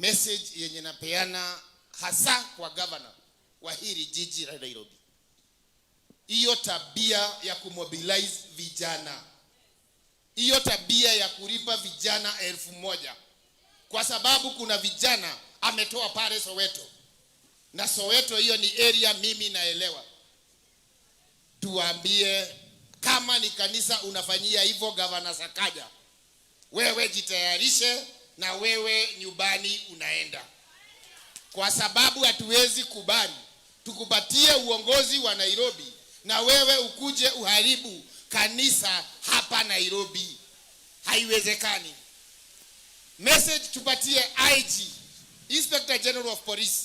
message yenye napeana hasa kwa gavana wa hili jiji la Nairobi, hiyo tabia ya kumobilize vijana, hiyo tabia ya kulipa vijana elfu moja kwa sababu kuna vijana ametoa pale Soweto na Soweto hiyo ni area mimi naelewa. Tuambie kama ni kanisa unafanyia hivyo, gavana Sakaja, wewe jitayarishe na wewe nyumbani unaenda, kwa sababu hatuwezi kubali tukupatie uongozi wa Nairobi na wewe ukuje uharibu kanisa hapa Nairobi. Haiwezekani. Message tupatie IG, Inspector General of Police.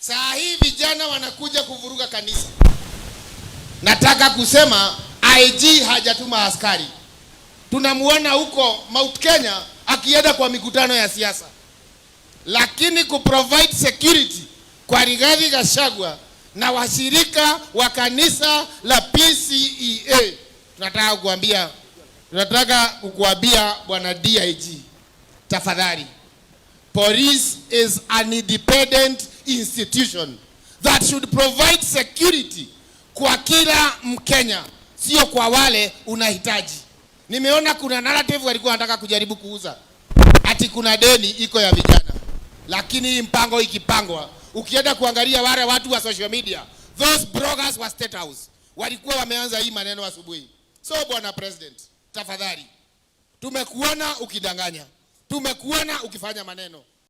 Saa hii vijana wanakuja kuvuruga kanisa. Nataka kusema IG hajatuma askari, tunamwona huko Mount Kenya akienda kwa mikutano ya siasa, lakini kuprovide security kwa Rigathi Gachagua na washirika wa kanisa la PCEA, tunataka kukuambia, tunataka kukuambia bwana DIG, tafadhali, police is an independent institution that should provide security kwa kila Mkenya, sio kwa wale unahitaji. Nimeona kuna narrative walikuwa wanataka kujaribu kuuza ati kuna deni iko ya vijana, lakini hii mpango ikipangwa, ukienda kuangalia wale watu wa social media, those bloggers wa State House walikuwa wameanza hii maneno asubuhi. So bwana president, tafadhali, tumekuona ukidanganya, tumekuona ukifanya maneno